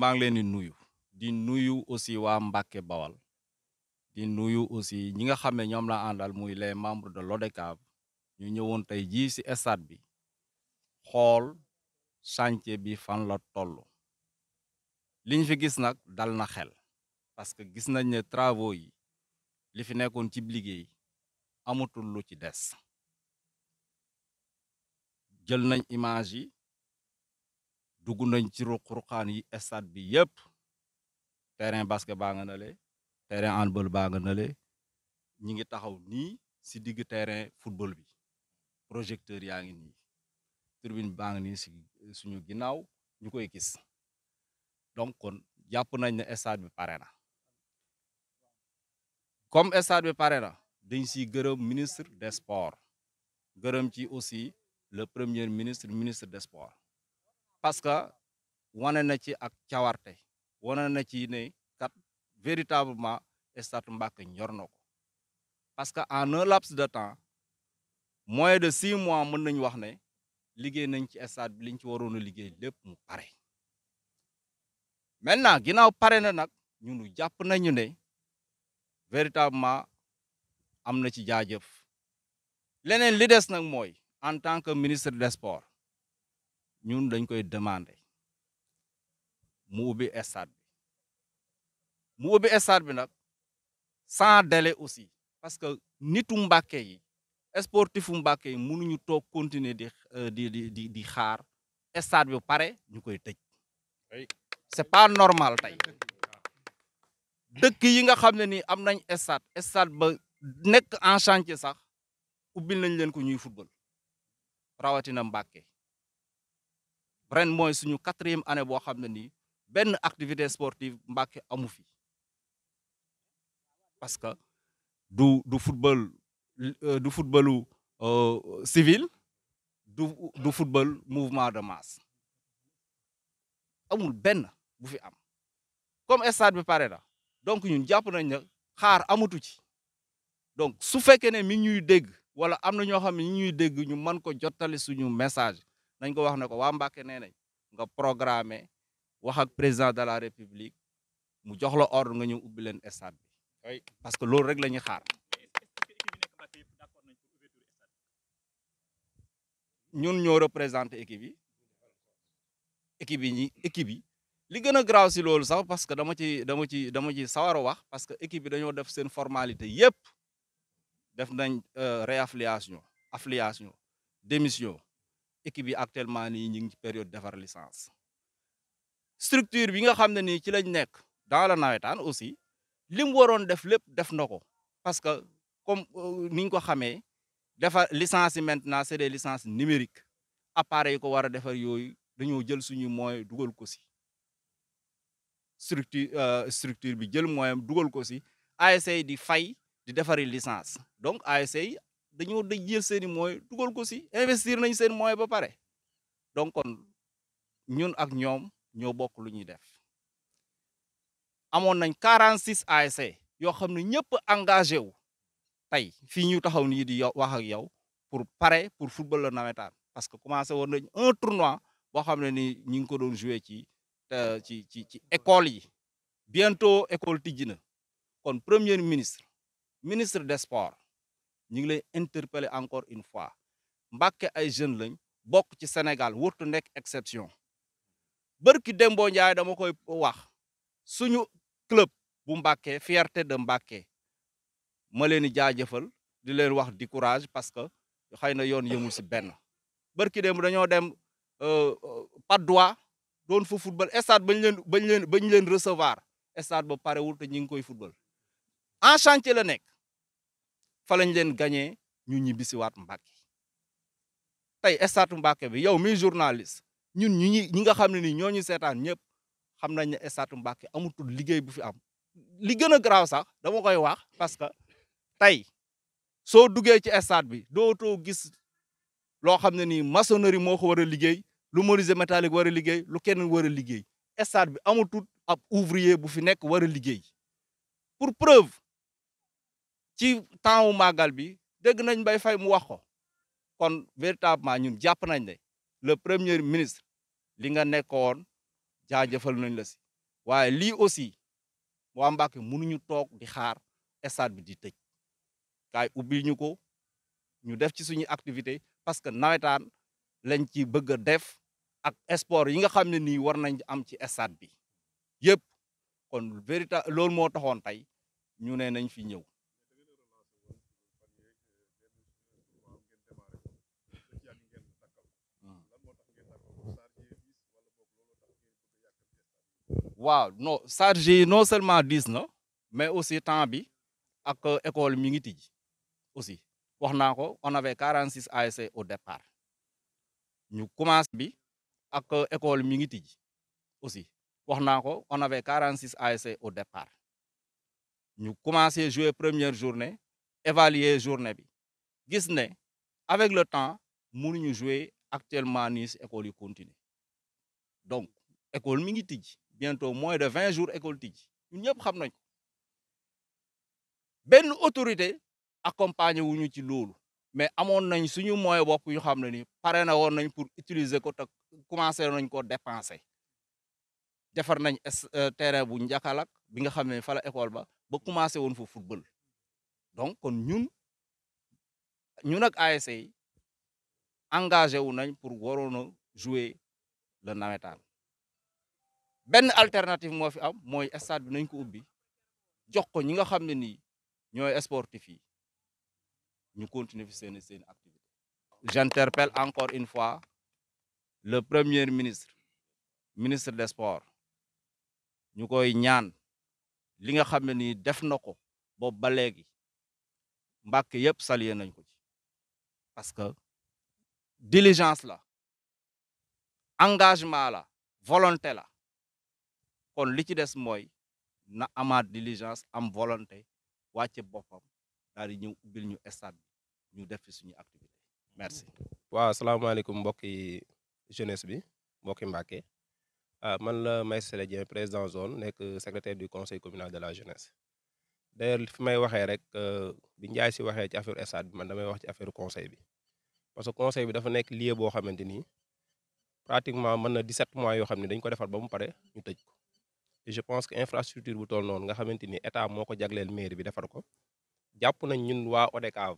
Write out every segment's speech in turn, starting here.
maa ngi leen di nuyu di nuyu aussi waa Mbàkke Bawal di nuyu aussi ñi nga xam ne ñoom la àndal muy les membre de l'ODCAV ñu ñëwoon tey jii ci stade bi xool chantier bi fan la toll liñ fi gis nag dal na xel parce que gis nañ ne travaux yi li fi nekkoon ci liggéey amatul lu ci des jël nañ image yi dugg nañ ci ruq-ruqaan yi stade bi yëpp terrain basket baa nga nale terrain handball baa nga nale ñi ngi taxaw nii si digg terrain football bi projecteur yaa ngi nii tribune baa ngi si suñu ginnaaw ñu koy gis donc kon jàpp nañ ne stade bi pare na comme stade bi pare na dañ si gërëm ministre de sports gërëm ci aussi le premier ministre ministre des sports parce que wane na ci ak cawarte wane na ci ne kat véritablement Stade Mbacké ñor na ko parce que en un laps de temps moins de si mois mën nañu wax ne liggéey nañ ci stade bi ci waroon a liggéey lépp mu pare maintenant ginnaaw pare na nag ñunu jàpp nañu ne véritablement am na ci jaajëf leneen li des nag mooy en tant que ministre des sports ñun dañ koy demander mu ubbi stade bi mu ubbi stade bi nag sans délai aussi parce que nitu Mbàkke yi sportifu Mbàkke yi mënuñu toog continuer di euh, di xaar stade bi pare ñu koy tëj c'est pas normal tey dëkk yi nga xam ne ni am nañ stade stade ba nekk en chantier sax ubbil nañ leen ko ñuy football rawatina Mbàkke ren mooy suñu quatrième année boo xam ne nii benn activité sportive Mbàkke amu fi parce que du du football euh, du footballu euh, civil du du football mouvement de masse amul benn bu fi am comme estade bi pare na donc ñun jàpp nañ xaar amatu ci donc su fekkee ne mi ñuy dégg wala am na ñoo xam ne ñuy dégg ñu mën ko jottali suñu message nañ ko wax ne ko waa Mbàkke nee nañ nga programmer wax ak président de la république mu jox la ordre nga ñu ubbi leen stade bi parce que loolu rek la ñuy xaar ñun ñoo représenté équipe yi équipe yi ñi équipe yi li gën a graaw si loolu sax parce que dama ci dama ci dama ci sawar a wax parce que équipe bi dañoo def seen formalité yépp def nañ euh, réaffiliation affiliation démission équipe yi actuellement nii ñu ngi période defar licence structure bi nga xam ne nii ci lañ nekk dans la nawetaan aussi li mu waroon def lépp def na ko parce que comme euh, ni ñu ko xamee defar licence yi maintenant c'est des licences numériques appareils yi ko war a defar yooyu dañoo jël suñu moyen dugal ko si structure euh, structure bi jël moyen dugal ko si ASC di fay di defari licence donc ASC dañoo daj jël seeni mooy dugal ko si investir nañ seen mooy ba pare donc kon ñun ak ñoom ñoo bokk lu ñuy def amoon nañ 46 ASC yoo xam ne ñëpp engagé wu tey fii ñu taxaw nii di wax ak yow pour pare pour football la nawetaan parce que commencé woon nañ un tournoi boo xam ne ni ñu ngi ko doon joué ci ci ci ci école yi bientôt école tijji na kon premier ministre ministre des sports ñu ngi lay interpeller encore une fois Mbàkke ay jeunes lañ bokk ci Sénégal wurtu nekk exception bërki Dembo Ndiaye dama koy wax suñu club bu Mbàkke fierté de Mbàkke ma leen di jaajëfal di leen wax di courage parce que xëy na yoon yëmul si benn bërki démb dañoo dem euh, euh, Patte d'Oie doon fa football stade bañ leen bañ leen bañ leen recevoir stade ba parewul te ñu ngi koy football en chantier la nekk fa lañ leen gañee ñu ñibbisiwaat Mbàkke tey estatu Mbàkke bi yow mi journaliste ñun ñu ñi ñi nga xam ne nii ñoo ñu seetaan ñëpp xam nañ ne estatu Mbàkke amutul liggéey bu fi am li gën a garaaw sax dama koy wax parce que tey soo duggee ci stade bi dootoo gis loo xam ne nii maçonnerie moo ko war a liggéey lu menuisier métallique war a liggéey lu kenn war a liggéey stade bi amatul ab ouvrier bu fi nekk war a liggéey preuve ci temps wu màggal bi dégg nañ Mbaye Faye mu wax ko kon véritablement ñu jàpp nañ ne le premier ministre li nga nekkoon jaajëfal nañ la si waaye lii aussi waa Mbàkke mënuñu toog di xaar stade bi di tëj kaay ubbi ñu ko ñu def ci suñu activité parce que nawetaan lañ ci bëgg a def ak sport yi nga xam ne nii war nañ am ci estade bi yëpp kon véritable loolu moo taxoon tey ñu ne nañ fi ñëw waaw non charge yi non seulement diis na mais aussi temps bi ak école mi ngi tijji aussi wax naa ko on avait 46 ASC au départ ñu commence bi ak école mi ngi tijji aussi wax naa ko on avait 46 ASC au départ ñu commencé jouer première journée évaluer journée bi gis ne avec le temps mënuñu jouer actuellement nii si école yi continue donc école mi ngi tijji bientôt moins de vingt jours école tijji ñun ñëpp xam nañ benn autorité accompagner wu ñu ci loolu mais amoon nañ suñu moyen bopp yu xam ne ni pare na woon nañ pour utiliser ko tak commencé nañ ko dépenser defar nañ euh, terrain bu njakalak bi nga xam ne fa école ba ba commencé woon fa football donc kon ñun ñun ak ASC engagé wu nañ pour waroon a jouer le nawetaan benn alternative moo fi am mooy stade bi nañ ko ubbi jox ko ñi nga xam ne nii ñooy sportif yi ñu continuer fi seen seen activité j'interpelle encore une fois le premier ministre ministre des sports ñu koy ñaan li nga xam ne nii def na ko boobu ba léegi Mbàkke yëpp salué nañ ko ci parce que diligence la engagement la volonté la kon li ci des mooy na amaat diligence am volonté wàcce boppam daal di ñëw ubbil ñu stade bi ñu def fi suñu activité merci. waaw asalaamaaleykum mbokki jeunesse bi mbokki Mbàkke ah man la Maïssa Sélé Dieng président zone nekk secrétaire du conseil communal de la jeunesse d'ailleurs fi may waxee rek euh, bi Ndiaye si waxee ci affaire stade bi man damay wax ci affaire conseil bi parce que conseil bi dafa nekk lieu boo xamante ni pratiquement mën na 17 mois yoo xam ne dañ ko defar ba mu pare ñu tëj ko. je pense que infrastructure bu toll noonu nga xamante ni état moo ko jagleel mairie bi defar ko jàpp nañ ñun waa ODCAV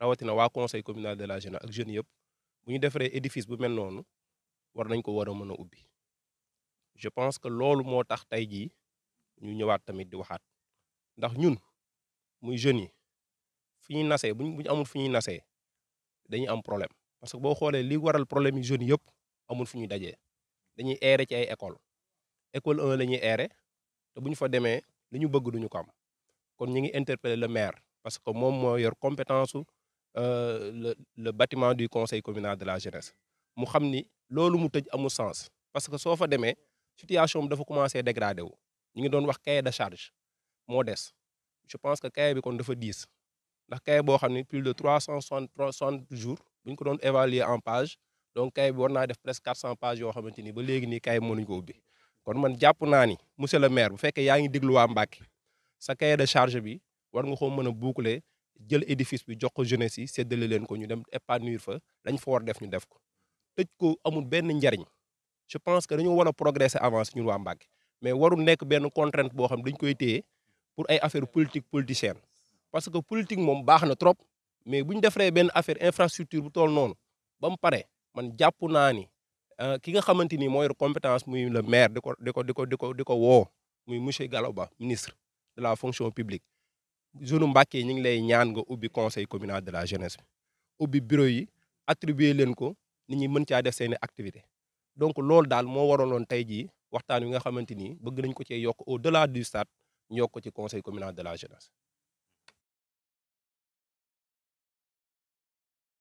rawatina waa conseil communal de la jeunesse ak jeunes yëpp bu ñu defaree édifice bu mel noonu war nañ ko war a mën a ubbi je pense que loolu moo tax tey jii ñu ñëwaat tamit di waxaat ndax ñun muy jeunes yi fi ñuy nasee buñ bu amul fu ñuy nasee dañuy am problème parce que boo xoolee li waral problème yi jeunes yëpp amul fu ñuy dajee dañuy eere ay école école 1 la ñuy eere te bu ñu fa demee lu ñu bëgg duñu ko am kon ñu ngi interpeller le maire parce que moom moo yor compétence su euh, le le bâtiment du conseil communal de la jeunesse mu xam ni loolu mu tëj amul sens parce que soo fa demee situation bi dafa commencé dégradé wu ñu ngi doon wax cahier de charge moo des je pense que cahier bi kon dafa diis ndax cahier boo xam ne plus de trois cent soixante jours bu ñu ko doon évaluer en page donc cahier bi war naa def presque quatre yoo xamante ni ba léegi nii cahier bi mënuñu ko ubbi kon man jàpp naa ni monsieur le maire bu fekkee yaa ngi déglu waa Mbacké sa cahier de charge bi war nga ko mën a boucler jël édifice bi jox ko jeunesse si séddale leen ko ñu dem épanouir fa dañ fa war def ñu def ko tëj ko amul benn njariñ je pense que dañu war a progresser avance ñun waa Mbacké mais warul nekk benn contrainte boo xam dañ koy téye pour ay affaire politique politicienne parce que politique moom baax na trop mais bu ñu defaree benn affaire infrastructure bu tool noonu ba mu pare man jàpp naa ni Euh, ki nga xamante ni mooy compétence muy le maire di ko di ko di ko di ko woo muy monsieur Gallo Ba ministre de la fonction publique zone Mbacké ñu ngi lay ñaan nga ubbi conseil communal de la jeunesse ubbi bureau yi attribuer leen ko nit ñi mën caa def seeni activité donc loolu daal moo waraloon tey jii waxtaan wi nga xamante ni bëgg nañ ko cee yokk au delà du stade ñu yokk ko ci conseil communal de la jeunesse